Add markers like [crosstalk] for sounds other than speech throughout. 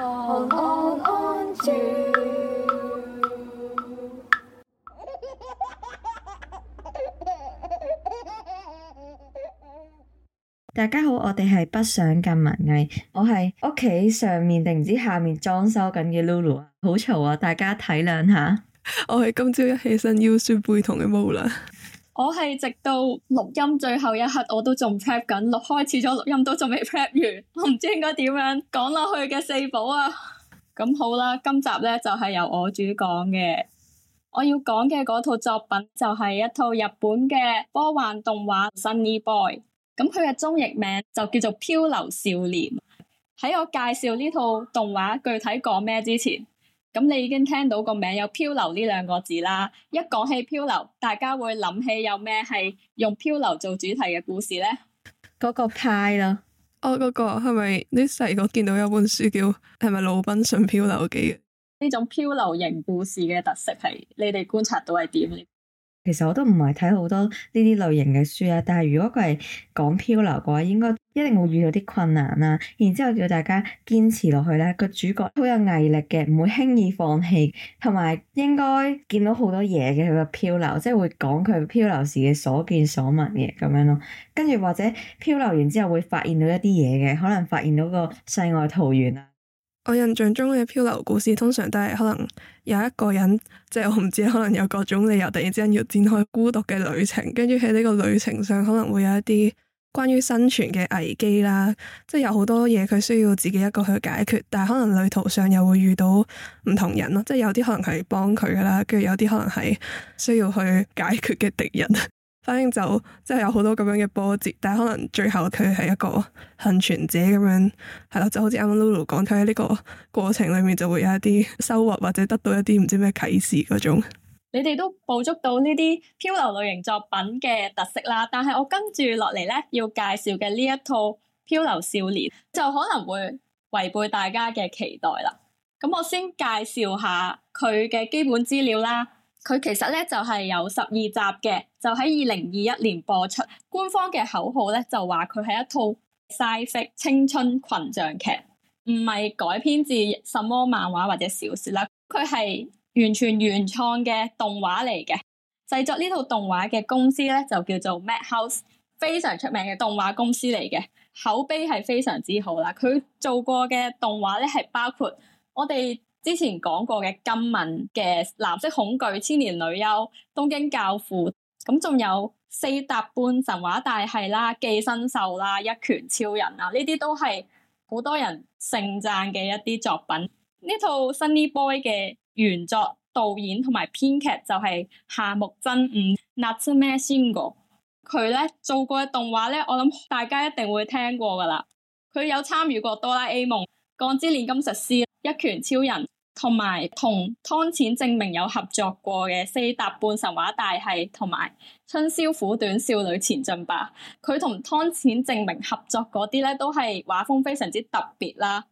On, on, on, 大家好，我哋係不想咁文藝，我係屋企上面定唔知下面裝修緊嘅 Lulu 啊，好嘈啊，大家體諒下。 [laughs] 我係今朝一起身腰酸背痛嘅毛蘭。 [laughs] 我係直到錄音最後一刻我都仲 rap 緊，錄開始咗錄音都仲未 rap 完我唔知應該點樣講落去嘅四寶啊咁， [laughs] 好啦，今集咧就係、是，由我主講嘅，我要講嘅嗰套作品就係一套日本嘅科幻動畫《Sonny Boy》，咁佢嘅中譯名就叫做《漂流少年》。喺我介紹呢套動畫具體講咩之前。咁你已經聽到個名有漂流呢兩個字啦，一講起漂流，大家會諗起有咩係用漂流做主題嘅故事咧？嗰個派咯，哦、oh, 嗰個，嗰個係咪你細個見到有本書叫係咪魯濱遜漂流記？呢種漂流型故事嘅特色係你哋觀察到係點？其實我都唔係睇好多呢啲類型嘅書啊，但係如果佢係講漂流嘅話，應該一定會遇到啲困難啦。然之後叫大家堅持落去咧，個主角好有毅力嘅，唔會輕易放棄，同埋應該見到好多嘢嘅。佢個漂流，即係會講佢漂流時嘅所見所聞嘅咁樣咯。跟住或者漂流完之後會發現到一啲嘢嘅，可能發現到個世外桃源啊。我印象中嘅漂流故事通常都係可能有一個人，即係我唔知可能有各種理由突然之間要展開孤獨嘅旅程，跟住喺呢個旅程上可能會有一啲關於生存嘅危機啦，即係有好多嘢佢需要自己一個去解決，但係可能旅途上又會遇到唔同人咯，即係有啲可能係幫佢嘅啦，跟住有啲可能係需要去解決嘅敵人。反正就即係有好多咁樣嘅波折，但係可能最後佢係一個幸存者咁樣，係咯，就好似啱啱 Lulu 講，佢喺呢個過程裏面就會有一啲收穫或者得到一啲唔知咩啟示嗰種。你哋都捕捉到呢啲漂流類型作品嘅特色啦，但係我跟住落嚟咧要介紹嘅呢一套漂流少年就可能會違背大家嘅期待啦。咁我先介紹下佢嘅基本資料啦。佢其實咧就係有十二集嘅，就喺二零二一年播出。官方嘅口號咧就話佢係一套 science 青春群像劇，唔係改編自什麼漫畫或者小説啦。佢係完全原創嘅動畫嚟嘅。製作呢套動畫嘅公司咧就叫做 Madhouse，非常出名嘅動畫公司嚟嘅，口碑係非常之好啦。佢做過嘅動畫咧係包括我哋。之前講過嘅《今敏》嘅《藍色恐懼》、《千年女優》、《東京教父》，咁仲有《四疊半神話大系》啦，《寄生獸》啦，《一拳超人》啊，呢啲都係好多人盛讚嘅一啲作品。呢套《Sonny Boy》嘅原作導演同埋編劇就係夏目真悟、Natsume Shingo，佢咧做過嘅動畫咧，我諗大家一定會聽過噶啦。佢有參與過《哆啦 A 夢》、《鋼之煉金術師》、《一拳超人》同埋同湯淺政明有合作過嘅《四疊半神話大系》同埋《春宵苦短少女前進吧》，佢同湯淺政明合作嗰啲咧，都係畫風非常之特別啦。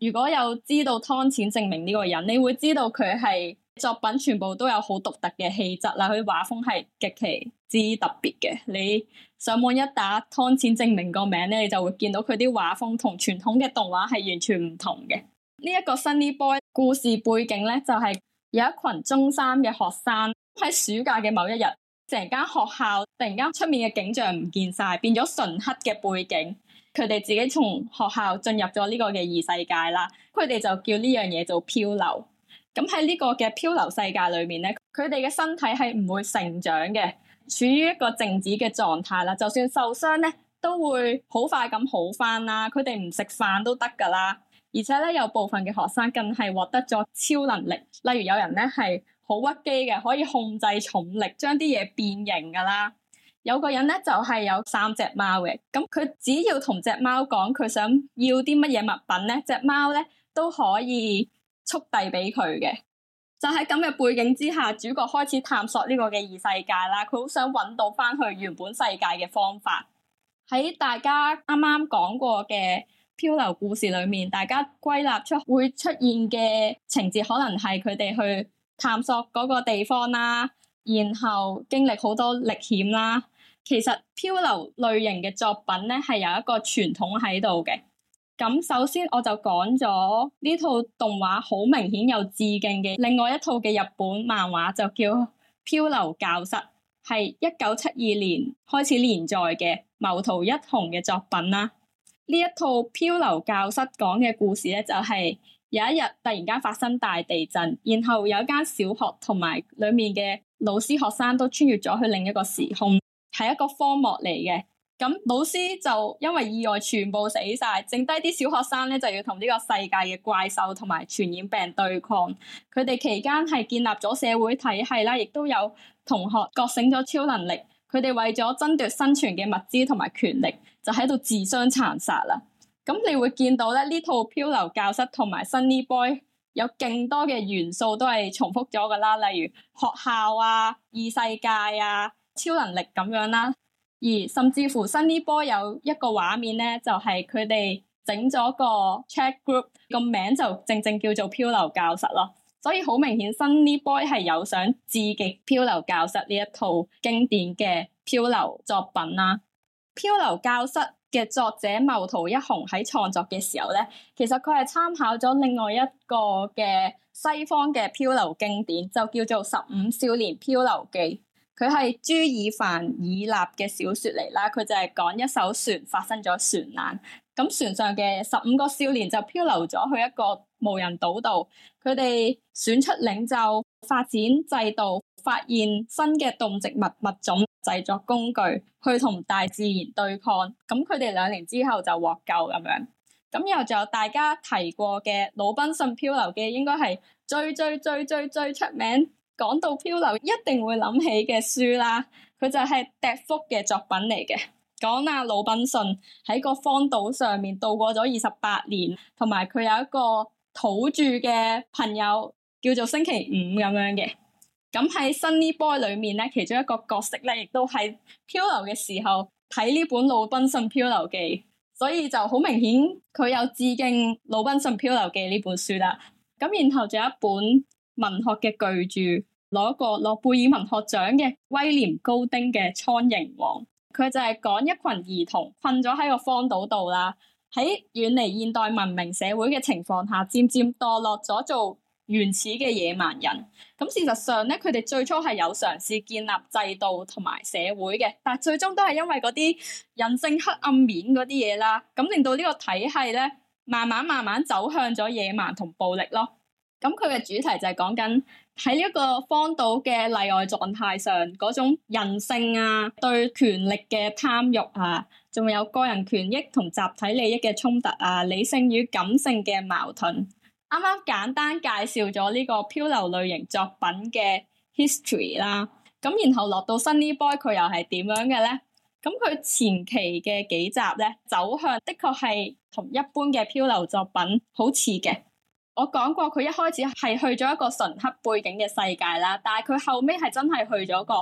如果有知道湯淺政明呢個人，你會知道佢係作品全部都有好獨特嘅氣質啦。佢畫風係極其之特別嘅。你上網一打湯淺政明個名咧，你就會見到佢啲畫風同傳統嘅動畫係完全唔同嘅。呢一個《Sonny Boy》故事背景咧，就係有一群中三嘅學生喺暑假嘅某一日，成間學校突然間出面嘅景象唔見晒，變咗純黑嘅背景。佢哋自己從學校進入咗呢個嘅異世界啦，佢哋就叫呢樣嘢做漂流。咁喺呢個嘅漂流世界裏面咧，佢哋嘅身體係唔會成長嘅，處於一個靜止嘅狀態啦。就算受傷咧，都會好快咁好翻啦。佢哋唔食飯都得噶啦。而且咧，有部分嘅學生更係獲得咗超能力，例如有人咧係好屈機嘅，可以控制重力，將啲嘢變形㗎啦。有個人咧就係有三隻貓嘅，咁佢只要同隻貓講佢想要啲乜嘢物品咧，隻貓咧都可以速遞畀佢嘅。就喺咁嘅背景之下，主角開始探索呢個嘅異世界啦。佢好想揾到返去原本世界嘅方法。喺大家啱啱講過嘅漂流故事裏面，大家歸納出會出現嘅情節，可能係佢哋去探索嗰個地方啦，然後經歷好多歷險啦。其實漂流類型嘅作品咧，係有一個傳統喺度嘅。咁首先我就講咗呢套動畫好明顯有致敬嘅，另外一套嘅日本漫畫就叫《漂流教室》，係一九七二年開始連載嘅楳圖一雄嘅作品啦。呢一套漂流教室講嘅故事咧，就係有一日突然間發生大地震，然後有一間小學同埋裏面嘅老師、學生都穿越咗去另一個時空，係一個荒漠嚟嘅。咁老師就因為意外全部死晒，剩低啲小學生咧就要同呢個世界嘅怪獸同埋傳染病對抗。佢哋期間係建立咗社會體系啦，亦都有同學覺醒咗超能力。佢哋為咗爭奪生存嘅物資同埋權力，就喺度自相殘殺啦。咁你會見到咧，呢套漂流教室同埋 Sonny Boy 有勁多嘅元素都係重複咗噶啦，例如學校啊、異世界啊、超能力咁樣啦、啊。而甚至乎 Sonny Boy 有一個畫面咧，就係佢哋整咗個 Chat Group，個名就正正叫做漂流教室咯。所以好明顯，Sonny Boy 係有想致敬漂流教室呢一套經典嘅漂流作品啦。漂流教室嘅作者楳圖一雄喺創作嘅時候咧，其實佢係參考咗另外一個嘅西方嘅漂流經典，就叫做《十五少年漂流記》。佢係朱爾凡爾納嘅小說嚟啦，佢就係講一艘船發生咗船難，咁船上嘅十五個少年就漂流咗去一個無人島度。佢哋選出領袖，發展制度，發現新嘅動植物物種，製作工具，去同大自然對抗。咁佢哋兩年之後就獲救咁樣。咁又仲有大家提過嘅《魯濱遜漂流記》，應該係最最最最最最出名，講到漂流一定會諗起嘅書啦。佢就係笛福嘅作品嚟嘅，講阿魯濱遜喺個荒島上面度過咗二十八年，同埋佢有一個，土著嘅朋友叫做星期五咁樣嘅，咁喺《Sonny Boy》裏面咧，其中一個角色咧，亦都係漂流嘅時候睇呢本《魯濱遜漂流記》，所以就好明顯佢有致敬《魯濱遜漂流記》呢本書啦。咁然後仲有一本文學嘅巨著，攞個諾貝爾文學獎嘅威廉高汀嘅《蒼蠅王》，佢就係講一群兒童困咗喺個荒島度啦。喺遠離現代文明社會嘅情況下，漸漸墮落咗做原始嘅野蠻人。咁事實上咧，佢哋最初係有嘗試建立制度同埋社會嘅，但係最終都係因為嗰啲人性黑暗面嗰啲嘢啦，咁令到呢個體系咧，慢慢慢慢走向咗野蠻同暴力咯。咁佢嘅主題就係講緊。喺呢一個荒島嘅例外狀態上，嗰種人性啊，對權力嘅貪欲啊，仲有個人權益同集體利益嘅衝突啊，理性與感性嘅矛盾。啱啱簡單介紹咗呢個漂流類型作品嘅 history 啦，咁然後落到呢《Sonny Boy》，佢又係點樣嘅咧？咁佢前期嘅幾集咧，走向的確係同一般嘅漂流作品好似嘅。我講過，佢一開始係去咗一個純黑背景嘅世界啦，但係佢後尾係真係去咗個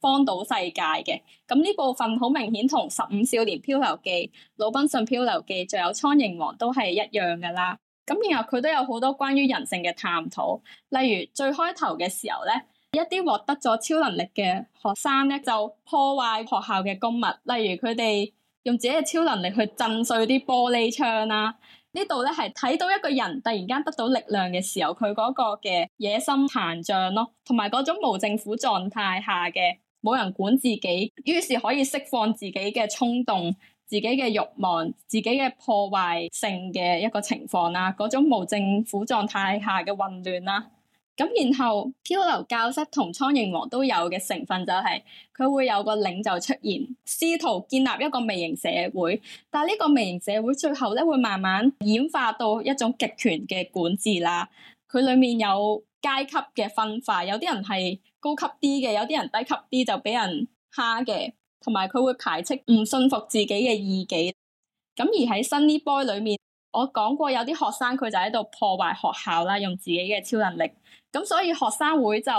荒島世界嘅。咁呢部分好明顯同《十五少年漂流記》、《魯賓遜漂流記》，仲有《蒼蠅王》都係一樣噶啦。咁然後佢都有好多關於人性嘅探討，例如最開頭嘅時候咧，一啲獲得咗超能力嘅學生咧，就破壞學校嘅公物，例如佢哋用自己嘅超能力去震碎啲玻璃窗啦。呢度咧係睇到一個人突然間得到力量嘅時候，佢嗰個嘅野心膨脹咯，同埋嗰種無政府狀態下嘅冇人管自己，於是可以釋放自己嘅衝動、自己嘅欲望、自己嘅破壞性嘅一個情況啦，嗰種無政府狀態下嘅混亂啦。咁然後漂流教室同蒼蠅王都有嘅成分就係，佢會有個領袖出現，試圖建立一個微型社會，但係呢個微型社會最後咧會慢慢演化到一種極權嘅管治啦。佢裏面有階級嘅分化，有啲人係高級啲嘅，有啲人低級啲就俾人蝦嘅，同埋佢會排斥唔信服自己嘅異己。咁而喺《Sonny Boy》裏面，我講過有啲學生佢就喺度破壞學校啦，用自己嘅超能力。咁所以學生會就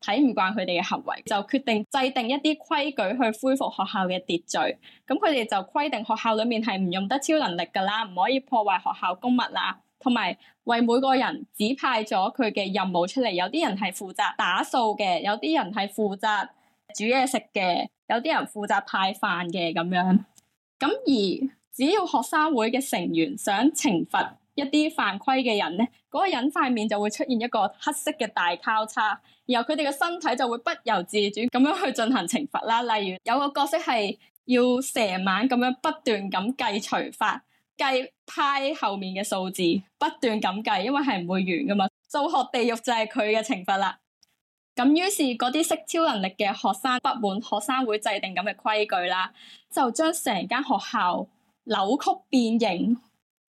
睇唔慣佢哋嘅行為，就決定制定一啲規矩去恢復學校嘅秩序。咁佢哋就規定學校裏面係唔用得超能力噶啦，唔可以破壞學校公物啦，同埋為每個人指派咗佢嘅任務出嚟。有啲人係負責打掃嘅，有啲人係負責煮嘢食嘅，有啲人負責派飯嘅咁樣。咁而只要學生會嘅成員想懲罰一啲犯規嘅人咧，嗰、那個人塊面就會出現一個黑色嘅大交叉，然後佢哋嘅身體就會不由自主咁樣去進行懲罰啦。例如有個角色係要成晚咁樣不斷咁計除法、計派後面嘅數字，不斷咁計，因為係唔會完㗎嘛。數學地獄就係佢嘅懲罰啦。咁於是嗰啲識超能力嘅學生不滿學生會制定咁嘅規矩啦，就將成間學校扭曲變形。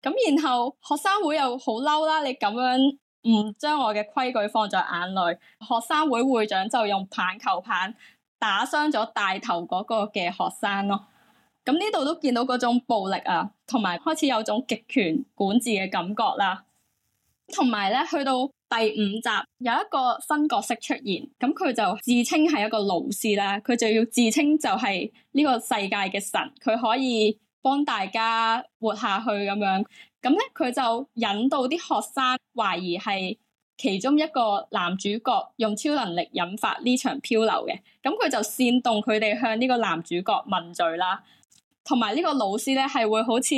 咁然後學生會又好嬲啦，你咁樣唔將我嘅規矩放在眼內，學生會會長就用棒球棒打傷咗大頭嗰個嘅學生咯。咁呢度都見到嗰種暴力啊，同埋開始有種極權管治嘅感覺啦。同埋咧，去到第五集有一個新角色出現，咁佢就自稱係一個老師啦，佢就要自稱就係呢個世界嘅神，佢可以。幫大家活下去咁樣，咁咧佢就引導啲學生懷疑係其中一個男主角用超能力引發呢場漂流嘅，咁佢就煽動佢哋向呢個男主角問罪啦，同埋呢個老師咧係會好似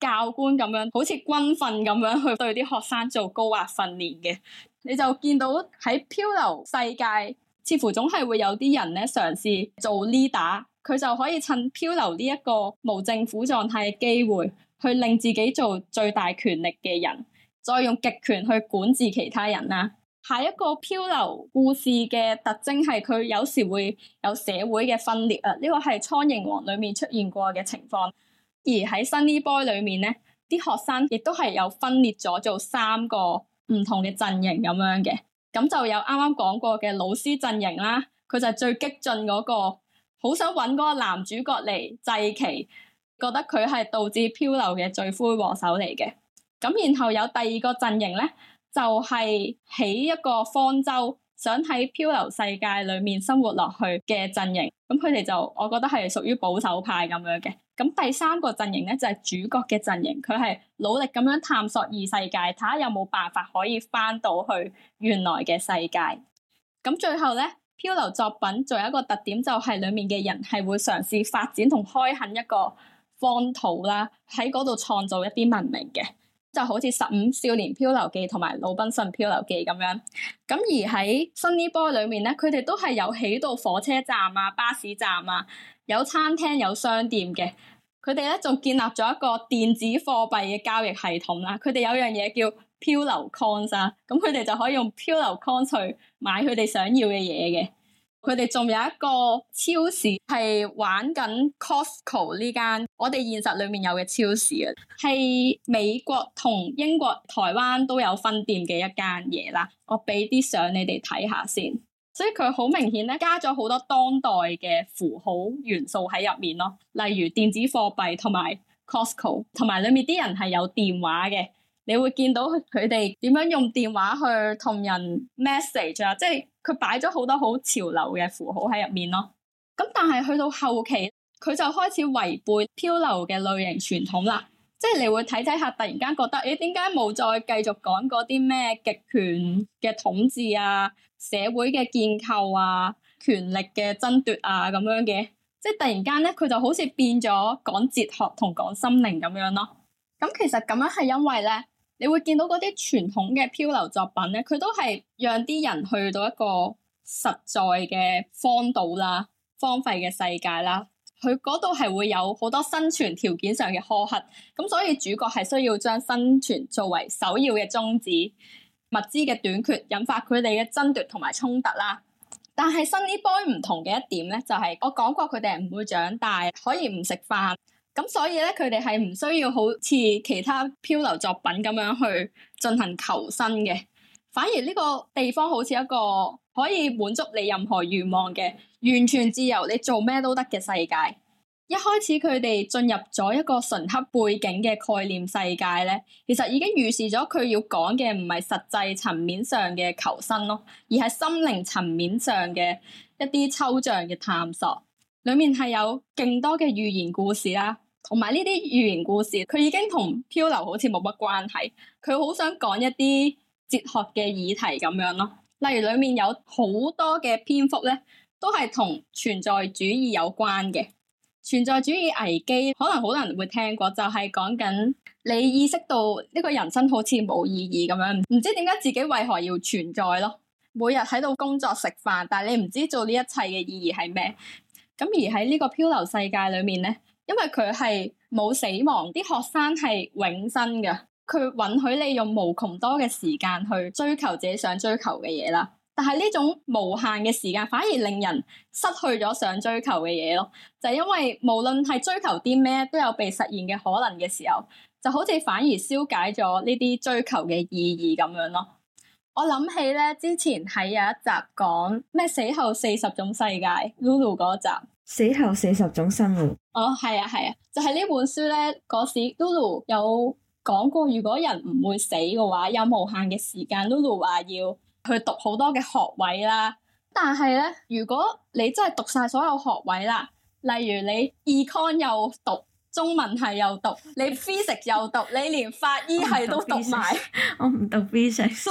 教官咁樣，好似軍訓咁樣去對啲學生做高壓訓練嘅，你就見到喺漂流世界，似乎總係會有啲人咧嘗試做 leader。佢就可以趁漂流呢一個無政府狀態嘅機會，去令自己做最大權力嘅人，再用極權去管治其他人啦。下一個漂流故事嘅特徵係佢有時會有社會嘅分裂啊，呢個係《蒼蠅王》裏面出現過嘅情況，而喺《Sonny Boy》裏面咧，啲學生亦都係有分裂咗做三個唔同嘅陣營咁樣嘅，咁就有啱啱講過嘅老師陣營啦，佢就最激進嗰個。好想搵嗰個男主角嚟祭旗，覺得佢係導致漂流嘅罪魁禍首嚟嘅。咁然後有第二個陣營咧，就係起一個方舟，想喺漂流世界裏面生活落去嘅陣營。咁佢哋就，我覺得係屬於保守派咁樣嘅。咁第三個陣營咧就係主角嘅陣營，佢係努力咁樣探索異世界，睇下有冇辦法可以返到去原來嘅世界。咁最後咧。漂流作品仲有一個特點，就係、是、裏面嘅人係會嘗試發展同開墾一個荒土啦，喺嗰度創造一啲文明嘅，就好似《十五少年漂流記》同埋《魯濱遜漂流記》咁樣。咁而喺《Sonny Boy》裏面咧，佢哋都係有起到火車站啊、巴士站啊，有餐廳、有商店嘅。佢哋咧仲建立咗一個電子貨幣嘅交易系統啦。佢哋有樣嘢叫漂流 con 咁佢哋就可以用漂流 con 去買佢哋想要嘅嘢嘅。佢哋仲有一個超市係玩緊 Costco 呢間，我哋現實裡面有嘅超市啊，係美國同英國、台灣都有分店嘅一間嘢啦。我俾啲相你哋睇下先，所以佢好明顯咧，加咗好多當代嘅符號元素喺入面咯，例如電子貨幣同埋 Costco，同埋裡面啲人係有電話嘅。你會見到佢哋點樣用電話去同人 message 啊，即係佢擺咗好多好潮流嘅符號喺入面咯。咁但係去到後期，佢就開始違背漂流嘅類型傳統啦。即係你會睇睇下，突然間覺得誒，點解冇再繼續講嗰啲咩極權嘅統治啊、社會嘅建構啊、權力嘅爭奪啊咁樣嘅？即係突然間咧，佢就好似變咗講哲學同講心靈咁樣咯。咁其實咁樣係因為咧。你會見到嗰啲傳統嘅漂流作品咧，佢都係讓啲人去到一個實在嘅荒島啦、荒廢嘅世界啦。佢嗰度係會有好多生存條件上嘅苛刻，咁所以主角係需要將生存作為首要嘅宗旨。物資嘅短缺引發佢哋嘅爭奪同埋衝突啦。但係《Sonny Boy》唔同嘅一點咧，就係、是、我講過佢哋係唔會長大，可以唔食飯。咁所以咧，佢哋係唔需要好似其他漂流作品咁樣去進行求生嘅，反而呢個地方好似一個可以滿足你任何願望嘅完全自由，你做咩都得嘅世界。一開始佢哋進入咗一個純黑背景嘅概念世界咧，其實已經預示咗佢要講嘅唔係實際層面上嘅求生咯，而係心靈層面上嘅一啲抽象嘅探索。裏面係有勁多嘅寓言故事啦。同埋呢啲寓言故事，佢已經同漂流好似冇乜關係。佢好想講一啲哲學嘅議題咁樣咯。例如裏面有好多嘅篇幅咧，都係同存在主義有關嘅。存在主義危機可能好多人會聽過就講，就係講緊你意識到呢個人生好似冇意義咁樣，唔知點解自己為何要存在咯？每日喺度工作食飯，但係你唔知做呢一切嘅意義係咩？咁而喺呢個漂流世界裏面咧。因為佢係冇死亡，啲學生係永生嘅，佢允許你用無窮多嘅時間去追求自己想追求嘅嘢啦。但係呢種無限嘅時間，反而令人失去咗想追求嘅嘢咯。就係因為無論係追求啲咩，都有被實現嘅可能嘅時候，就好似反而消解咗呢啲追求嘅意義咁樣咯。我諗起咧，之前喺有一集講咩死後四十種世界 Lulu 嗰集。死後四十種生活哦，係啊，係啊，就係、是、呢本書咧。嗰時 Lulu 有講過，如果人唔會死嘅話，有無限嘅時間。Lulu 話要去讀好多嘅學位啦。但係咧，如果你真係讀晒所有學位啦，例如你 Econ 又讀，中文系又讀，你 Physics 又讀， [laughs] 你連法醫系都讀埋，我唔讀 Physics。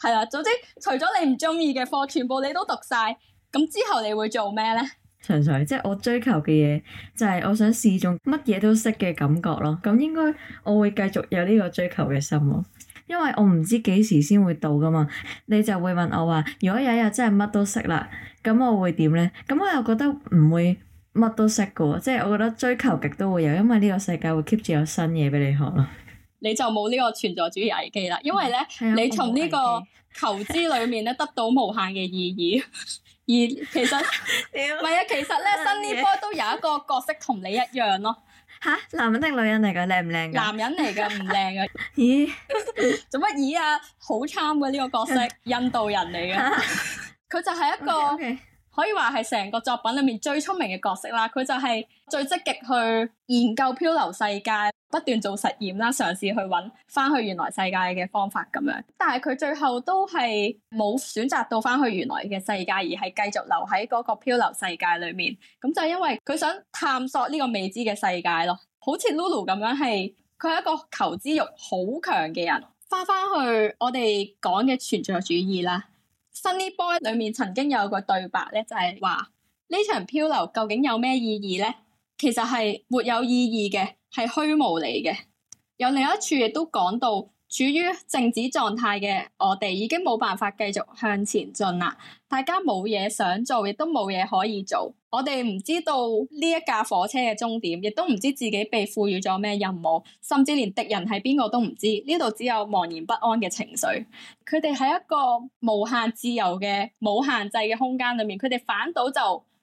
係啦，總之，除咗你唔中意嘅課，全部你都讀晒。咁之後你會做咩咧？純粹即係我追求嘅嘢，就係、是、我想試種乜嘢都識嘅感覺咯。咁應該我會繼續有呢個追求嘅心咯，因為我唔知幾時先會到噶嘛。你就會問我話，如果有一日真係乜都識啦，咁我會點咧？咁我又覺得唔會乜都識噶，即係我覺得追求極都會有，因為呢個世界會 keep 住有新嘢俾你學咯。你就冇呢個存在主義危機啦，因為咧、嗯啊、你從呢個求知裏面咧危 [laughs] 得到無限嘅意義。 [laughs] 而其實，唔係 [laughs] 啊，其實咧，Sonny Boy 都有一個角色同你一樣咯。嚇，人美美 [laughs] 男人定女人嚟噶？靚唔靚噶？男人嚟噶，唔靚噶。咦？做乜嘢啊？好慘嘅呢個角色，印度人嚟嘅，佢就係一個。Okay, okay. 可以話係成個作品裏面最聰明嘅角色啦，佢就係最積極去研究漂流世界，不斷做實驗啦，嘗試去揾翻去原來世界嘅方法咁樣。但係佢最後都係冇選擇到翻去原來嘅世界，而係繼續留喺嗰個漂流世界裏面。咁就係因為佢想探索呢個未知嘅世界咯。好似 Lulu 咁樣，係佢係一個求知慾好強嘅人。翻翻去我哋講嘅存在主義啦。《Sonny Boy》裏面曾經有個對白咧，就係話呢場漂流究竟有咩意義咧？其實係沒有意義嘅，係虛無嚟嘅。有另一處亦都講到，處於靜止狀態嘅我哋已經冇辦法繼續向前進啦。大家冇嘢想做，亦都冇嘢可以做。我哋唔知道呢一架火車嘅終點，亦都唔知自己被賦予咗咩任務，甚至連敵人係邊個都唔知。呢度只有茫然不安嘅情緒。佢哋喺一個無限自由嘅冇限制嘅空間裏面，佢哋反倒就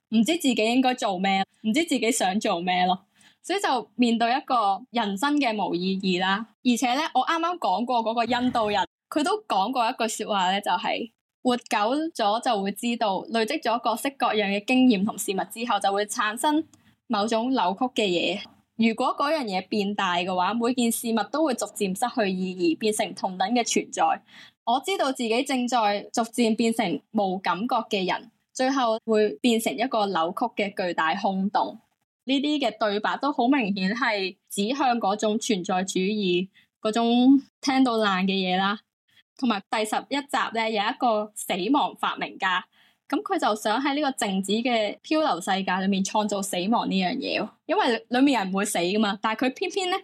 唔知自己應該做咩，唔知自己想做咩咯。所以就面對一個人生嘅無意義啦。而且咧，我啱啱講過嗰個印度人，佢都講過一句說話咧，就是，就係。活久咗就會知道，累積咗各式各樣嘅經驗同事物之後，就會產生某種扭曲嘅嘢。如果嗰樣嘢變大嘅話，每件事物都會逐漸失去意義，變成同等嘅存在。我知道自己正在逐漸變成冇感覺嘅人，最後會變成一個扭曲嘅巨大空洞。呢啲嘅對白都好明顯係指向嗰種存在主義，嗰種聽到爛嘅嘢啦。同埋第十一集咧，有一個死亡發明家，咁佢就想喺呢個靜止嘅漂流世界裏面創造死亡呢樣嘢，因為裏面人唔會死噶嘛，但係佢偏偏咧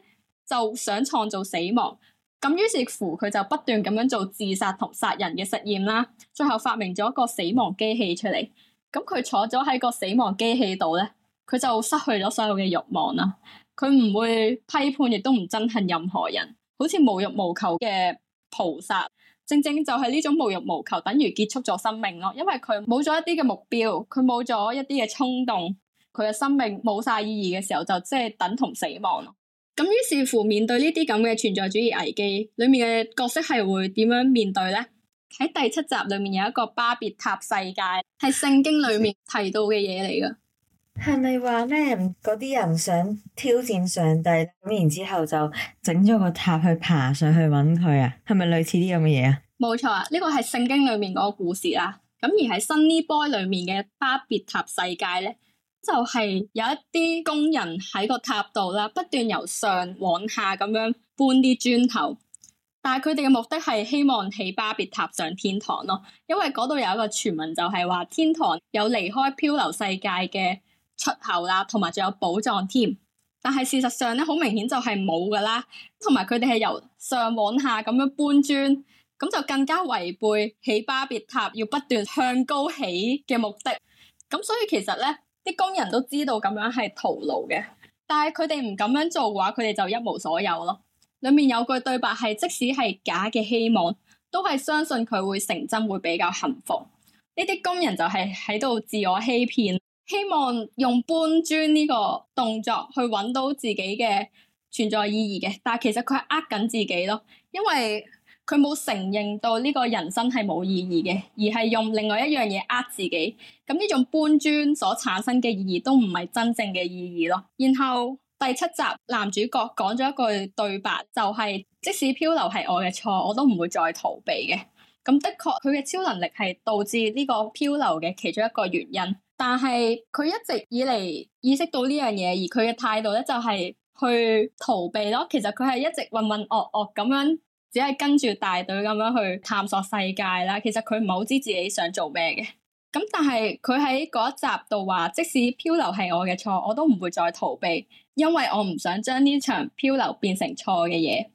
就想創造死亡，咁於是乎佢就不斷咁樣做自殺同殺人嘅實驗啦，最後發明咗一個死亡機器出嚟，咁佢坐咗喺個死亡機器度咧，佢就失去咗所有嘅慾望啦，佢唔會批判亦都唔憎恨任何人，好似無欲無求嘅菩薩。正正就係呢種無欲無求，等於結束咗生命咯。因為佢冇咗一啲嘅目標，佢冇咗一啲嘅衝動，佢嘅生命冇晒意義嘅時候，就即係等同死亡咯。咁於是乎，面對呢啲咁嘅存在主義危機，裏面嘅角色係會點樣面對咧？喺第七集裏面有一個巴別塔世界，係聖經裏面提到嘅嘢嚟嘅。係咪話咧？嗰啲人想挑戰上帝，咁然之後，後就整咗個塔去爬，爬上去揾佢啊？係咪類似啲咁嘅嘢啊？冇錯啊！呢個係聖經裏面嗰個故事啦。咁而喺《Sonny Boy》裏面嘅巴別塔世界咧，就係、是、有一啲工人喺個塔度啦，不斷由上往下咁樣搬啲磚頭。但係佢哋嘅目的係希望起巴別塔上天堂咯，因為嗰度有一個傳聞就係話天堂有離開漂流世界嘅。出口啦，同埋仲有寶藏添。但係事實上咧，好明顯就係冇噶啦。同埋佢哋係由上往下咁樣搬磚，咁就更加違背起巴別塔要不斷向高起嘅目的。咁所以其實咧，啲工人都知道咁樣係徒勞嘅。但係佢哋唔咁樣做嘅話，佢哋就一無所有咯。裏面有句對白係，即使係假嘅希望，都係相信佢會成真，會比較幸福。呢啲工人就係喺度自我欺騙。希望用搬磚呢個動作去揾到自己嘅存在意義嘅，但係其實佢係呃緊自己咯，因為佢冇承認到呢個人生係冇意義嘅，而係用另外一樣嘢呃自己。咁呢種搬磚所產生嘅意義都唔係真正嘅意義咯。然後第七集男主角講咗一句對白，就係即使漂流係我嘅錯，我都唔會再逃避嘅。咁的確，佢嘅超能力係導致呢個漂流嘅其中一個原因。但係佢一直以嚟意識到呢樣嘢，而佢嘅態度咧就係去逃避咯。其實佢係一直渾渾噩噩咁樣，只係跟住大隊咁樣去探索世界啦。其實佢唔係好知自己想做咩嘅。咁但係佢喺嗰一集度話，即使漂流係我嘅錯，我都唔會再逃避，因為我唔想將呢場漂流變成錯嘅嘢。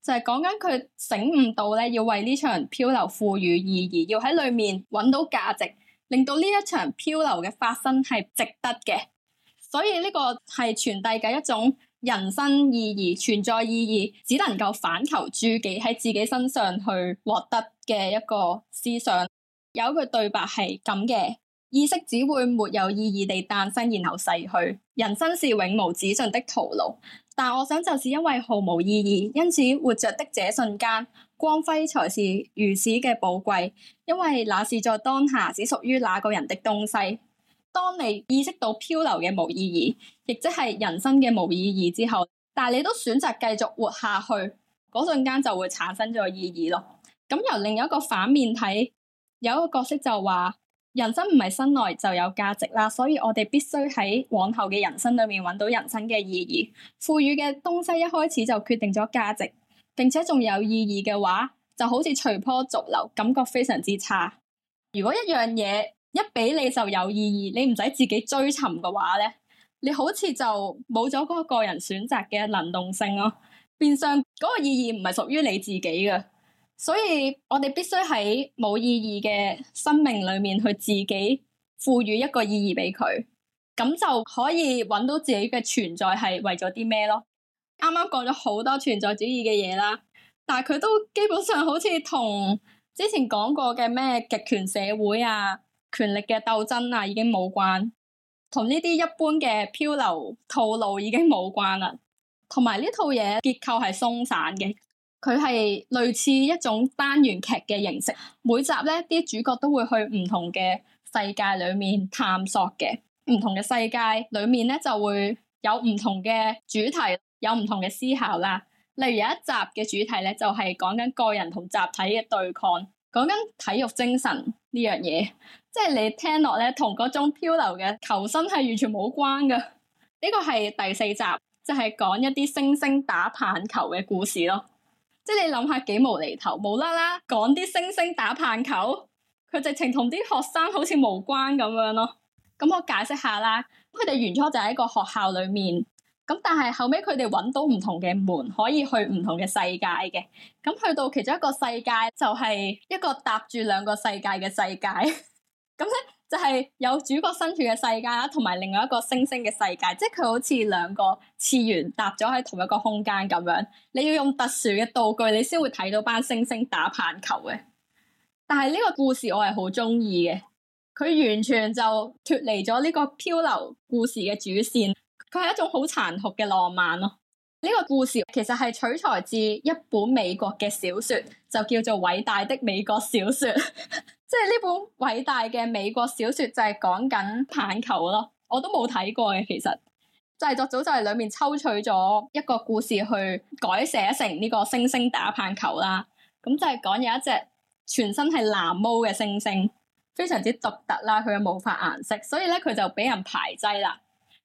就係講緊佢醒悟到咧，要為呢場漂流賦予意義，要喺裏面揾到價值。令到呢一場漂流嘅發生係值得嘅，所以呢個係傳遞嘅一種人生意義、存在意義，只能夠反求諸己喺自己身上去獲得嘅一個思想。有句對白係咁嘅：意識只會沒有意義地誕生，然後逝去。人生是永無止盡的徒勞，但我想就是因為毫無意義，因此活着的這瞬間，光輝才是如此嘅寶貴，因為那是在當下只屬於那個人的東西。當你意識到漂流嘅無意義，亦即係人生嘅無意義之後，但係你都選擇繼續活下去，嗰瞬間就會產生咗意義咯。咁、嗯、由另一個反面睇，有一個角色就話人生唔係生來就有價值啦，所以我哋必須喺往後嘅人生裏面揾到人生嘅意義，賦予嘅東西一開始就決定咗價值。並且仲有意義嘅話，就好似隨波逐流，感覺非常之差。如果一樣嘢一俾你就有意義，你唔使自己追尋嘅話咧，你好似就冇咗嗰個個人選擇嘅能動性咯。變相嗰個意義唔係屬於你自己嘅，所以我哋必須喺冇意義嘅生命裏面去自己賦予一個意義俾佢，咁就可以揾到自己嘅存在係為咗啲咩咯。啱啱講咗好多存在主義嘅嘢啦，但係佢都基本上好似同之前講過嘅咩極權社會啊、權力嘅鬥爭啊，已經冇關，同呢啲一般嘅漂流套路已經冇關啦。同埋呢套嘢結構係鬆散嘅，佢係類似一種單元劇嘅形式。每集咧，啲主角都會去唔同嘅世界裏面探索嘅，唔同嘅世界裏面咧就會有唔同嘅主題。有唔同嘅思考啦，例如有一集嘅主題咧，就係、是、講緊個人同集體嘅對抗，講緊體育精神呢樣嘢，即係你聽落咧，同嗰種漂流嘅求生係完全冇關噶。呢、這個係第四集，就係、是、講一啲猩猩打棒球嘅故事咯。即係你諗下幾無厘頭，無啦啦講啲猩猩打棒球，佢直情同啲學生好似無關咁樣咯。咁我解釋下啦，佢哋原初就喺個學校裏面。咁但係後尾佢哋揾到唔同嘅門，可以去唔同嘅世界嘅。咁去到其中一個世界，就係一個搭住兩個世界嘅世界。咁 [laughs] 咧就係有主角身處嘅世界啦，同埋另外一個猩猩嘅世界，即係佢好似兩個次元搭咗喺同一個空間咁樣。你要用特殊嘅道具，你先會睇到班猩猩打棒球嘅。但係呢個故事我係好中意嘅，佢完全就脫離咗呢個漂流故事嘅主線。佢係一種好殘酷嘅浪漫咯。呢、這個故事其實係取材自一本美國嘅小說，就叫做《偉大的美國小說》。 [laughs] 即係呢本偉大嘅美國小說就係講緊棒球咯。我都冇睇過嘅，其實製、就是、作組就係裏面抽取咗一個故事去改寫成呢個猩猩打棒球啦。咁就係講有一隻全身係藍毛嘅猩猩，非常之獨特啦，佢嘅毛髮顏色。所以咧，佢就俾人排擠啦。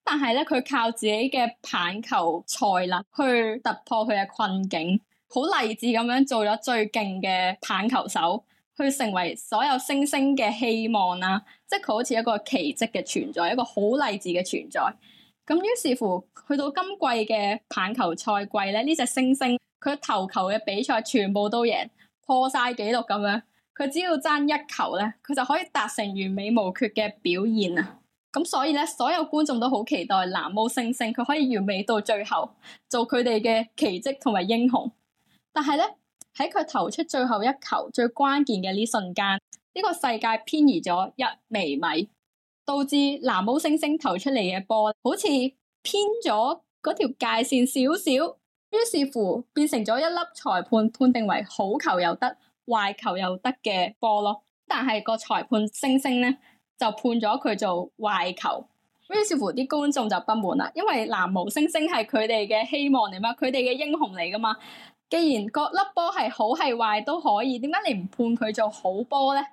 但係咧，佢靠自己嘅棒球才能去突破佢嘅困境，好勵志咁樣做咗最勁嘅棒球手，去成為所有星星嘅希望啦、啊！即係佢好似一個奇蹟嘅存在，一個好勵志嘅存在。咁於是乎，去到今季嘅棒球賽季咧，呢隻星星佢投球嘅比賽全部都贏，破晒紀錄咁樣。佢只要爭一球咧，佢就可以達成完美無缺嘅表現啊！咁所以咧，所有觀眾都好期待藍毛猩猩佢可以完美到最後做佢哋嘅奇跡同埋英雄。但係咧，喺佢投出最後一球最關鍵嘅呢瞬間，呢個世界偏移咗一微米，導致藍毛猩猩投出嚟嘅波好似偏咗嗰條界線少少，於是乎變成咗一粒裁判判定為好球又得壞球又得嘅波咯。但係個裁判猩猩咧，就判咗佢做壞球，於是乎啲觀眾就不滿啦，因為藍毛猩猩係佢哋嘅希望嚟嘛，佢哋嘅英雄嚟噶嘛。既然嗰粒波係好係壞都可以，點解你唔判佢做好波咧？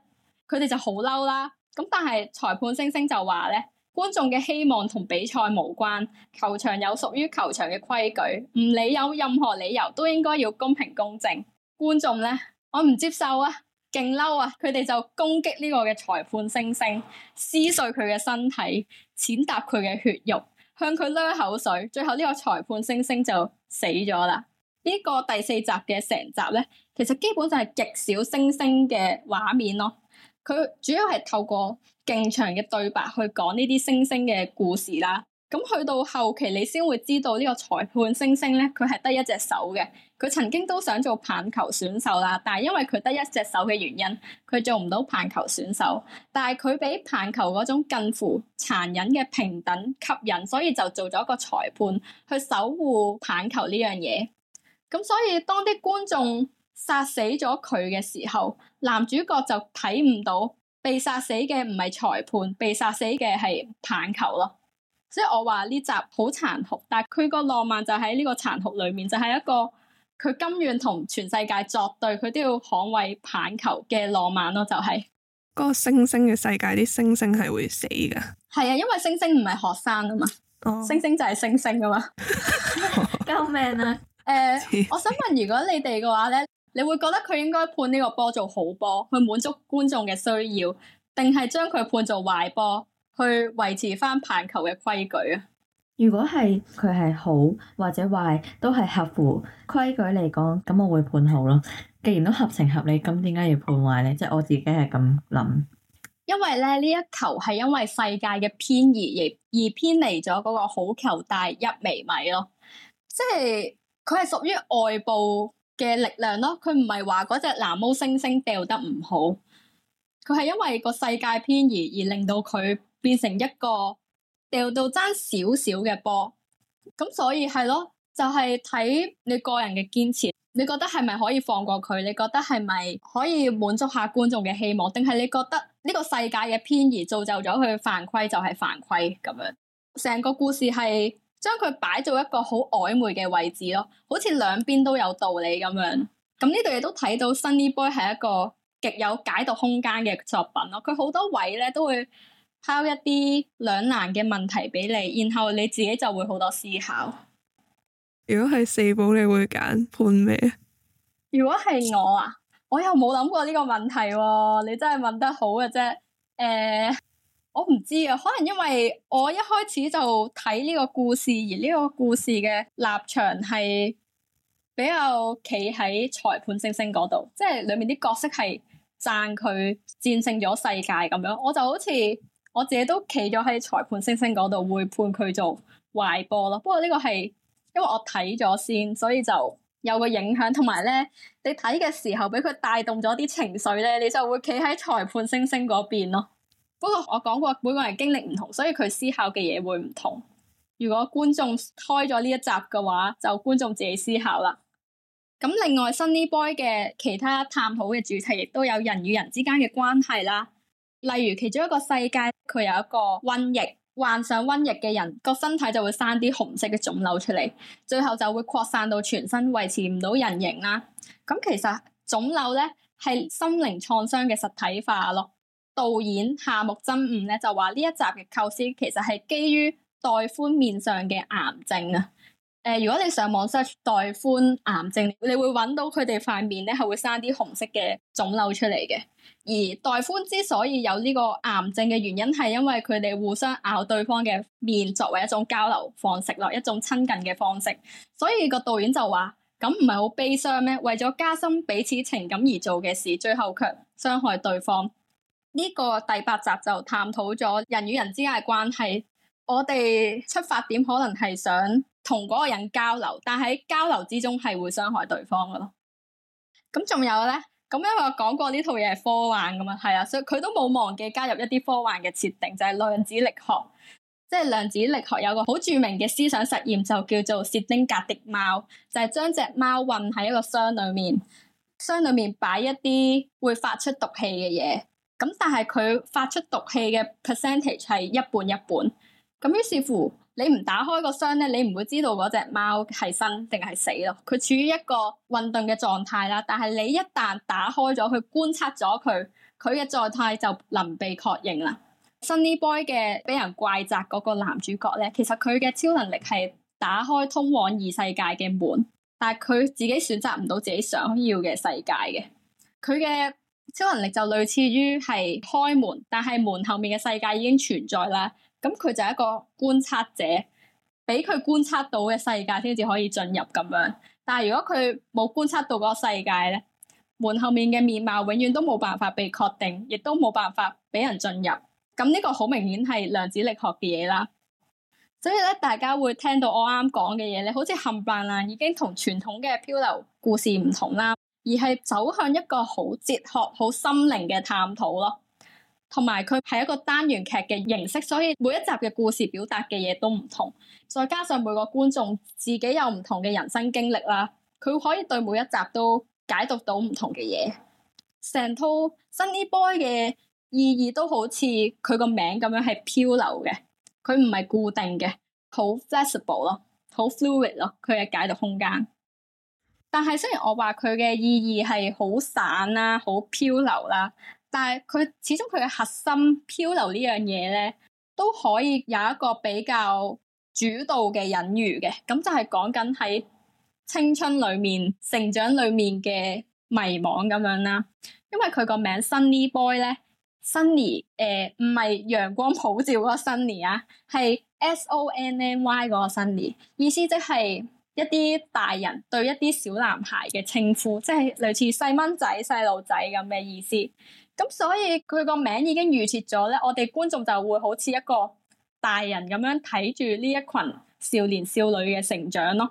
佢哋就好嬲啦。咁但係裁判星星就話咧，觀眾嘅希望同比賽無關，球場有屬於球場嘅規矩，唔理有任何理由都應該要公平公正。觀眾咧，我唔接受啊！勁嬲啊！佢哋就攻擊呢個嘅裁判猩猩，撕碎佢嘅身體，踐踏佢嘅血肉，向佢甩口水。最後呢個裁判猩猩就死咗啦。呢個第四集嘅成集咧，其實基本上係極少猩猩嘅畫面咯。佢主要係透過勁長嘅對白去講呢啲猩猩嘅故事啦。咁去到後期，你先會知道呢個裁判星星咧，佢係得一隻手嘅。佢曾經都想做棒球選手啦，但係因為佢得一隻手嘅原因，佢做唔到棒球選手。但係佢畀棒球嗰種近乎殘忍嘅平等吸引，所以就做咗個裁判去守護棒球呢樣嘢。咁所以當啲觀眾殺死咗佢嘅時候，男主角就睇唔到被殺死嘅唔係裁判，被殺死嘅係棒球咯。即係我話呢集好殘酷，但係佢個浪漫就喺呢個殘酷裏面，就係、是、一個佢甘願同全世界作對，佢都要捍衛棒球嘅浪漫咯，就係、是。嗰個星星嘅世界，啲星星係會死噶。係啊，因為星星唔係學生啊嘛，哦、星星就係星星啊嘛。 [laughs] 救命啊！誒、 [laughs] 呃，我想問，如果你哋嘅話咧，你會覺得佢應該判呢個波做好波，去滿足觀眾嘅需要，定係將佢判做壞波？去維持翻棒球嘅規矩啊！如果係佢係好或者壞，都係合乎規矩嚟講，咁我會判好咯。既然都合情合理，咁點解要判壞咧？即係我自己係咁諗。因為咧，呢一球係因為世界嘅偏移而而偏離咗嗰個好球大一微米咯。即係佢係屬於外部嘅力量咯。佢唔係話嗰隻藍毛猩猩掉得唔好，佢係因為個世界偏移而令到佢，變成一個掉到爭少少嘅波，咁所以係咯，就係睇你個人嘅堅持。你覺得係咪可以放過佢？你覺得係咪可以滿足下觀眾嘅希望？定係你覺得呢個世界嘅偏移造就咗佢犯規就係犯規咁樣？成個故事係將佢擺在一個好曖昧嘅位置咯，好似兩邊都有道理咁樣。咁呢度嘢都睇到《Sonny Boy》係一個極有解讀空間嘅作品咯。佢好多位咧都會。拋一啲兩難嘅問題俾你，然後你自己就會好多思考。如果係四寶，你會揀判咩？如果係我啊，我又冇諗過呢個問題喎、啊。你真係問得好嘅、啊、啫。誒、呃，我唔知啊，可能因為我一開始就睇呢個故事，而呢個故事嘅立場係比較企喺裁判星星嗰度，即係裏面啲角色係讚佢戰勝咗世界咁樣，我就好似。我自己都企咗喺裁判星星嗰度，會判佢做壞波咯。不過呢個係因為我睇咗先，所以就有個影響。同埋咧，你睇嘅時候俾佢帶動咗啲情緒咧，你就會企喺裁判星星嗰邊咯。不過我講過，每個人經歷唔同，所以佢思考嘅嘢會唔同。如果觀眾開咗呢一集嘅話，就觀眾自己思考啦。咁另外，Sonny Boy 嘅其他探討嘅主題，亦都有人與人之間嘅關係啦。例如其中一個世界，佢有一個瘟疫，患上瘟疫嘅人個身體就會生啲紅色嘅腫瘤出嚟，最後就會擴散到全身，維持唔到人形啦。咁其實腫瘤咧係心靈創傷嘅實體化咯。導演夏目真悟咧就話呢一集嘅構思其實係基於代寬面上嘅癌症啊。誒，如果你上網 search 代寬癌症，你你會揾到佢哋塊面咧係會生啲紅色嘅腫瘤出嚟嘅。而代寬之所以有呢個癌症嘅原因，係因為佢哋互相咬對方嘅面，作為一種交流方式，落一種親近嘅方式。所以個導演就話：咁唔係好悲傷咩？為咗加深彼此情感而做嘅事，最後卻傷害對方。呢個第八集就探討咗人與人之間嘅關係。我哋出發點可能係想。同嗰個人交流，但喺交流之中係會傷害對方噶咯。咁仲有咧，咁因為我講過呢套嘢係科幻㗎嘛，係啊，所以佢都冇忘記加入一啲科幻嘅設定，就係量子力學。即係量子力學有個好著名嘅思想實驗，就叫做薛丁格的貓，就係將隻貓混喺一個箱裏面，箱裏面擺一啲會發出毒氣嘅嘢。咁但係佢發出毒氣嘅 percentage 係一半一半。咁於是乎。你唔打開個箱咧，你唔會知道嗰隻貓係生定係死咯。佢處於一個運動嘅狀態啦，但係你一旦打開咗佢，觀察咗佢，佢嘅狀態就能被確認啦。《Sonny Boy》嘅俾人怪責嗰個男主角咧，其實佢嘅超能力係打開通往異世界嘅門，但係佢自己選擇唔到自己想要嘅世界嘅。佢嘅超能力就類似於係開門，但係門後面嘅世界已經存在啦。咁佢就係一個觀察者，俾佢觀察到嘅世界先至可以進入咁樣。但係如果佢冇觀察到嗰個世界咧，門後面嘅面貌永遠都冇辦法被確定，亦都冇辦法俾人進入。咁呢個好明顯係量子力學嘅嘢啦。所以咧，大家會聽到我啱講嘅嘢咧，好似冚唪唥已經同傳統嘅漂流故事唔同啦，而係走向一個好哲學、好心靈嘅探討咯。同埋佢係一個單元劇嘅形式，所以每一集嘅故事表達嘅嘢都唔同。再加上每個觀眾自己有唔同嘅人生經歷啦，佢可以對每一集都解讀到唔同嘅嘢。成套《Sonny Boy》嘅意義都好似佢個名咁樣，係漂流嘅，佢唔係固定嘅，好 flexible 咯，好 fluid 咯，佢嘅解讀空間。但係雖然我話佢嘅意義係好散啦、啊，好漂流啦、啊。但係佢始終佢嘅核心漂流呢樣嘢咧，都可以有一個比較主導嘅隱喻嘅，咁就係講緊喺青春裏面成長裏面嘅迷惘咁樣啦。因為佢個名 Sonny Boy 咧，Sonny 誒、呃、唔係陽光普照嗰個 Sonny 啊，係 S O N N Y 嗰個 Sonny，意思即係一啲大人對一啲小男孩嘅稱呼，即係類似細蚊仔、細路仔咁嘅意思。咁所以佢個名，已經預設咗咧，我哋觀眾就會好似一個大人咁樣睇住呢一群少年少女嘅成長咯。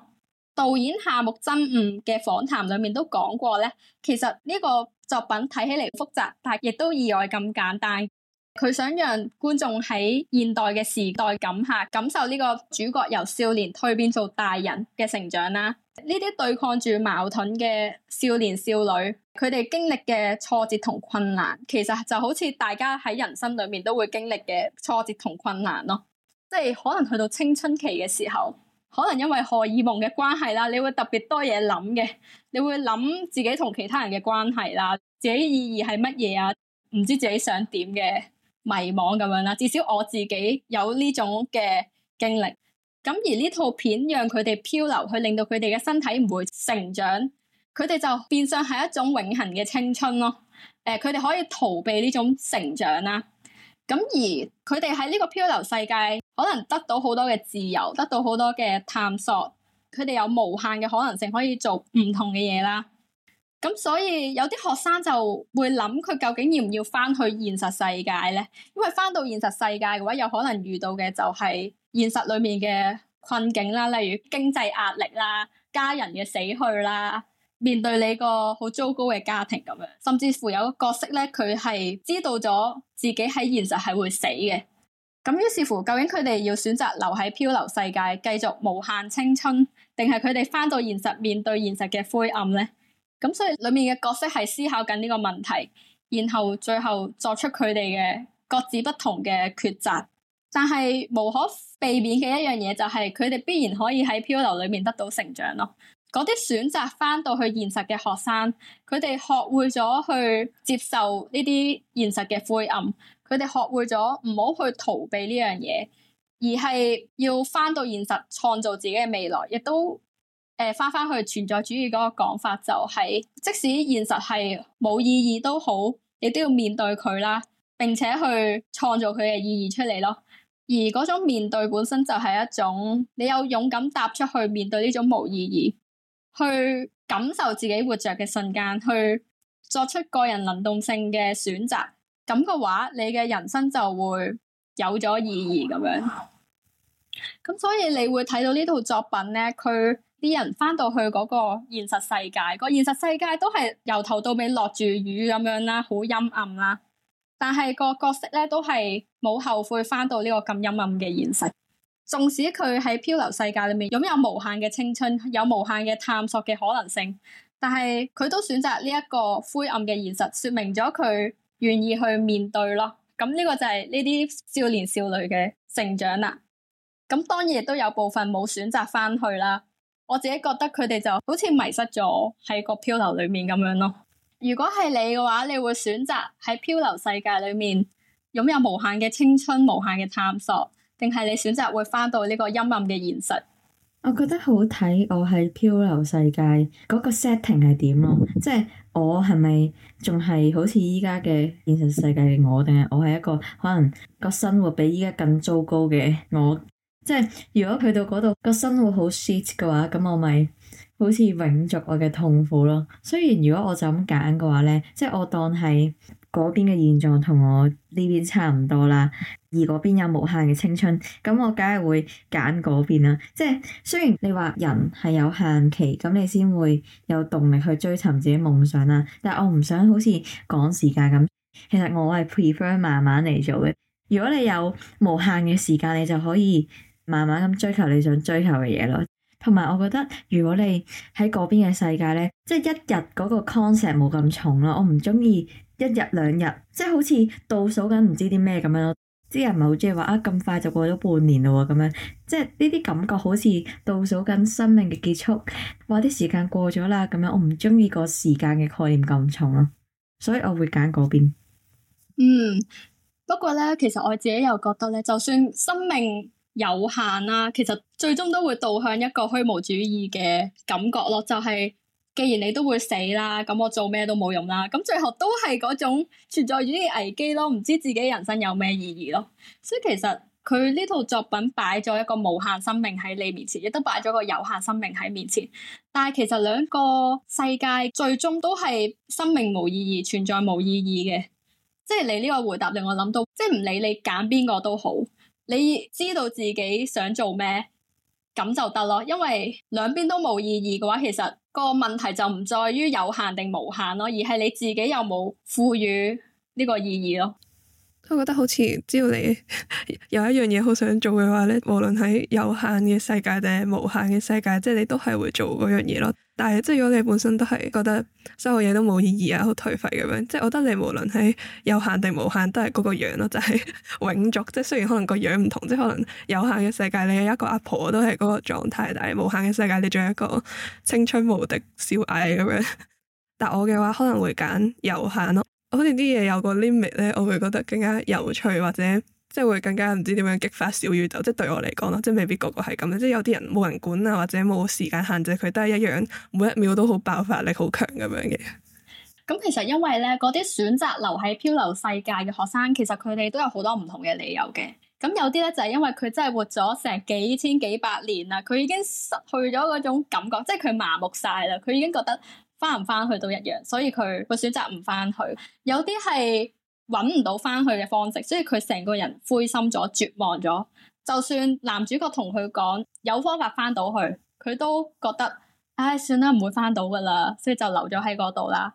導演夏目真悟嘅訪談裏面都講過咧，其實呢個作品睇起嚟複雜，但係亦都意外咁簡單。佢想讓觀眾喺現代嘅時代感下感受呢個主角由少年蛻變做大人嘅成長啦。呢啲對抗住矛盾嘅少年少女，佢哋經歷嘅挫折同困難，其實就好似大家喺人生裏面都會經歷嘅挫折同困難咯。即係可能去到青春期嘅時候，可能因為荷爾蒙嘅關係啦，你會特別多嘢諗嘅，你會諗自己同其他人嘅關係啦，自己意義係乜嘢啊？唔知自己想點嘅。迷茫咁樣啦，至少我自己有呢種嘅經歷。咁而呢套片讓佢哋漂流，去令到佢哋嘅身體唔會成長，佢哋就變相係一種永恆嘅青春咯。誒、呃，佢哋可以逃避呢種成長啦。咁而佢哋喺呢個漂流世界，可能得到好多嘅自由，得到好多嘅探索。佢哋有無限嘅可能性可以做唔同嘅嘢啦。咁所以有啲學生就會諗，佢究竟要唔要翻去現實世界咧？因為翻到現實世界嘅話，有可能遇到嘅就係現實裏面嘅困境啦，例如經濟壓力啦、家人嘅死去啦，面對你個好糟糕嘅家庭咁樣，甚至乎有個角色咧，佢係知道咗自己喺現實係會死嘅。咁於是乎，究竟佢哋要選擇留喺漂流世界，繼續無限青春，定係佢哋翻到現實面對現實嘅灰暗咧？咁所以裏面嘅角色係思考緊呢個問題，然後最後作出佢哋嘅各自不同嘅抉擇。但係無可避免嘅一樣嘢就係佢哋必然可以喺漂流裏面得到成長咯。嗰啲選擇翻到去現實嘅學生，佢哋學會咗去接受呢啲現實嘅灰暗，佢哋學會咗唔好去逃避呢樣嘢，而係要翻到現實創造自己嘅未來，亦都。誒，翻翻去存在主義嗰個講法、就是，就係即使現實係冇意義都好，你都要面對佢啦，並且去創造佢嘅意義出嚟咯。而嗰種面對本身就係一種你有勇敢踏出去面對呢種冇意義，去感受自己活着嘅瞬間，去作出個人能動性嘅選擇。咁嘅話，你嘅人生就會有咗意義咁樣。咁所以你會睇到呢套作品咧，佢。啲人翻到去嗰個現實世界，個現實世界都係由頭到尾落住雨咁樣啦，好陰暗啦。但係個角色咧都係冇後悔翻到呢個咁陰暗嘅現實。縱使佢喺漂流世界裏面擁有無限嘅青春，有無限嘅探索嘅可能性，但係佢都選擇呢一個灰暗嘅現實，說明咗佢願意去面對咯。咁呢個就係呢啲少年少女嘅成長啦。咁當然亦都有部分冇選擇翻去啦。我自己覺得佢哋就好似迷失咗喺個漂流裏面咁樣咯。如果係你嘅話，你會選擇喺漂流世界裏面擁有無限嘅青春、無限嘅探索，定係你選擇會翻到呢個陰暗嘅現實？我覺得好睇，我喺漂流世界嗰個 setting 係點咯，即係我係咪仲係好似依家嘅現實世界嘅我，定係我係一個可能個生活比依家更糟糕嘅我？即係如果去到嗰度個生活好 shit 嘅話，咁我咪好似永續我嘅痛苦咯。雖然如果我就咁揀嘅話咧，即係我當係嗰邊嘅現狀同我呢邊差唔多啦，而嗰邊有無限嘅青春，咁我梗係會揀嗰邊啦。即係雖然你話人係有限期，咁你先會有動力去追尋自己夢想啦。但係我唔想好似趕時間咁，其實我係 prefer 慢慢嚟做嘅。如果你有無限嘅時間，你就可以。慢慢咁追求你想追求嘅嘢咯，同埋我覺得如果你喺嗰邊嘅世界咧，即係一日嗰個 concept 冇咁重咯。我唔中意一日兩日，即係好似倒數緊唔知啲咩咁樣咯。啲人唔係好中意話啊，咁快就過咗半年啦，咁樣，即係呢啲感覺好似倒數緊生命嘅結束，話啲時間過咗啦咁樣。我唔中意個時間嘅概念咁重咯，所以我會揀嗰邊。嗯，不過咧，其實我自己又覺得咧，就算生命。有限啦，其實最終都會導向一個虛無主義嘅感覺咯，就係既然你都會死啦，咁我做咩都冇用啦，咁最後都係嗰種存在主義危機咯，唔知自己人生有咩意義咯。所以其實佢呢套作品擺咗一個無限生命喺你面前，亦都擺咗個有限生命喺面前，但係其實兩個世界最終都係生命無意義，存在無意義嘅。即係你呢個回答令我諗到，即係唔理你揀邊個都好。你知道自己想做咩，咁就得咯。因為兩邊都冇意義嘅話，其實個問題就唔在於有限定無限咯，而係你自己有冇賦予呢個意義咯。我覺得好似只要你有一樣嘢好想做嘅話咧，無論喺有限嘅世界定係無限嘅世界，即係你都係會做嗰樣嘢咯。但係，即係如果你本身都係覺得所有嘢都冇意義啊，好頹廢咁樣，即係我覺得你無論係有限定無限，都係嗰個樣咯，就係、是、永續。即係雖然可能個樣唔同，即係可能有限嘅世界你有一個阿婆，婆都係嗰個狀態，但係無限嘅世界你仲有一個青春無敵小矮咁樣。但我嘅話可能會揀有限咯，好似啲嘢有個 limit 咧，我會覺得更加有趣或者。即係會更加唔知點樣激發小宇宙，即係對我嚟講咯，即係未必個個係咁樣，即係有啲人冇人管啊，或者冇時間限制，佢都係一樣，每一秒都好爆發力好強咁樣嘅。咁其實因為咧，嗰啲選擇留喺漂流世界嘅學生，其實佢哋都有好多唔同嘅理由嘅。咁有啲咧就係因為佢真係活咗成幾千幾百年啦，佢已經失去咗嗰種感覺，即係佢麻木晒啦，佢已經覺得翻唔翻去都一樣，所以佢會選擇唔翻去。有啲係，揾唔到翻去嘅方式，所以佢成個人灰心咗、絕望咗。就算男主角同佢講有方法翻到去，佢都覺得，唉，算啦，唔會翻到㗎喇，所以就留咗喺嗰度啦。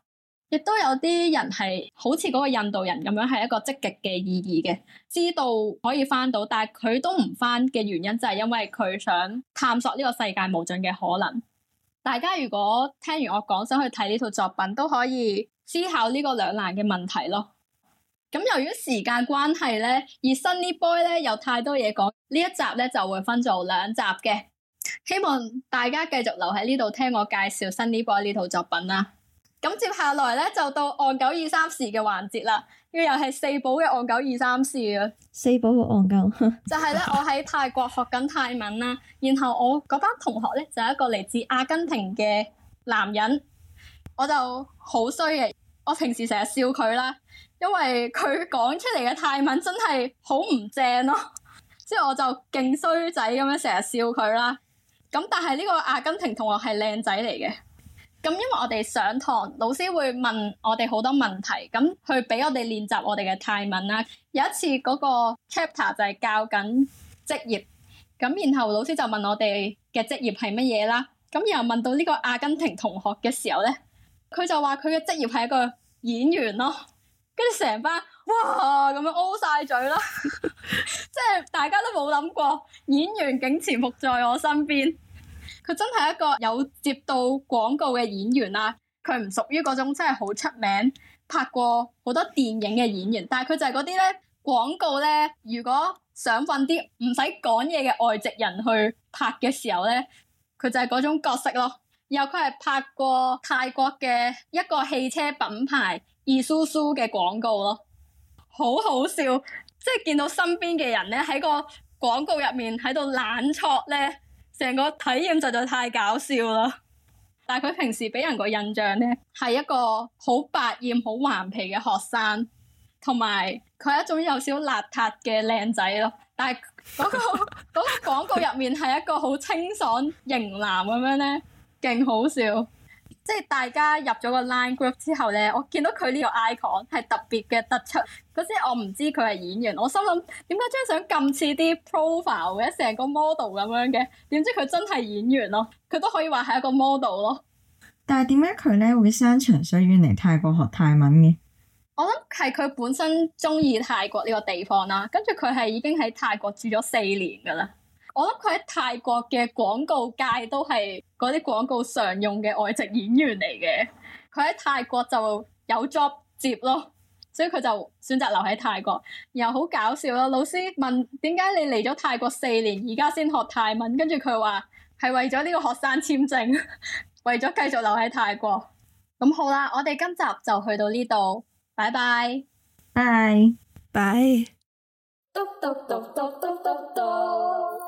亦都有啲人係好似嗰個印度人咁樣，係一個積極嘅意義嘅，知道可以翻到，但係佢都唔翻嘅原因，就係因為佢想探索呢個世界無盡嘅可能。大家如果聽完我講，想去睇呢套作品，都可以思考呢個兩難嘅問題咯。咁由於時間關係咧，而呢《Sonny Boy》咧有太多嘢講，呢一集咧就會分做兩集嘅。希望大家繼續留喺呢度聽我介紹《Sonny Boy》呢套作品啦。咁、嗯、接下來咧就到岸久二三事嘅環節啦，呢個又係四寶嘅岸久二三事，啊 [laughs] 。四寶嘅岸久，就係咧我喺泰國學緊泰文啦。然後我嗰班同學咧就係、是、一個嚟自阿根廷嘅男人，我就好衰嘅。我平時成日笑佢啦。因為佢講出嚟嘅泰文真係好唔正咯、啊，之 [laughs] 後我就勁衰仔咁樣成日笑佢啦。咁但係呢個阿根廷同學係靚仔嚟嘅，咁因為我哋上堂老師會問我哋好多問題，咁去俾我哋練習我哋嘅泰文啦。有一次嗰個 chapter 就係教緊職業，咁然後老師就問我哋嘅職業係乜嘢啦，咁然後問到呢個阿根廷同學嘅時候咧，佢就話佢嘅職業係一個演員咯。跟住成班哇咁樣 O 晒嘴啦，即 [laughs] 係大家都冇諗過，演員竟潛伏在我身邊。佢 [laughs] 真係一個有接到廣告嘅演員啦。佢唔屬於嗰種真係好出名拍過好多電影嘅演員，但係佢就係嗰啲咧廣告咧。如果想搵啲唔使講嘢嘅外籍人去拍嘅時候咧，佢就係嗰種角色咯。然後佢係拍過泰國嘅一個汽車品牌。二叔叔嘅廣告咯，好好笑！即係見到身邊嘅人咧，喺個廣告入面喺度懶搓咧，成個體驗實在太搞笑啦！但係佢平時俾人個印象咧，係一個好百厭、好頑皮嘅學生，同埋佢係一種有少少邋遢嘅靚仔咯。但係、那、嗰個嗰 [laughs] 廣告入面係一個好清爽型男咁樣咧，勁好笑。即係大家入咗個 Line Group 之後咧，我見到佢呢個 icon 係特別嘅突出，嗰時我唔知佢係演員，我心諗點解張相咁似啲 profile 嘅成個 model 咁樣嘅？點知佢真係演員咯，佢都可以話係一個 model 咯。但係點解佢咧會山長水遠嚟泰國學泰文嘅？我諗係佢本身鍾意泰國呢個地方啦，跟住佢係已經喺泰國住咗四年㗎喇。我諗佢喺泰國嘅廣告界都係嗰啲廣告常用嘅外籍演員嚟嘅，佢喺泰國就有 job 接咯，所以佢就選擇留喺泰國。然後好搞笑咯，老師問，點解你嚟咗泰國四年而家先學泰文，跟住佢話係為咗呢個學生簽證，為咗繼續留喺泰國。咁好啦，我哋今集就去到呢度，拜拜，拜拜。嘟嘟嘟嘟嘟嘟嘟。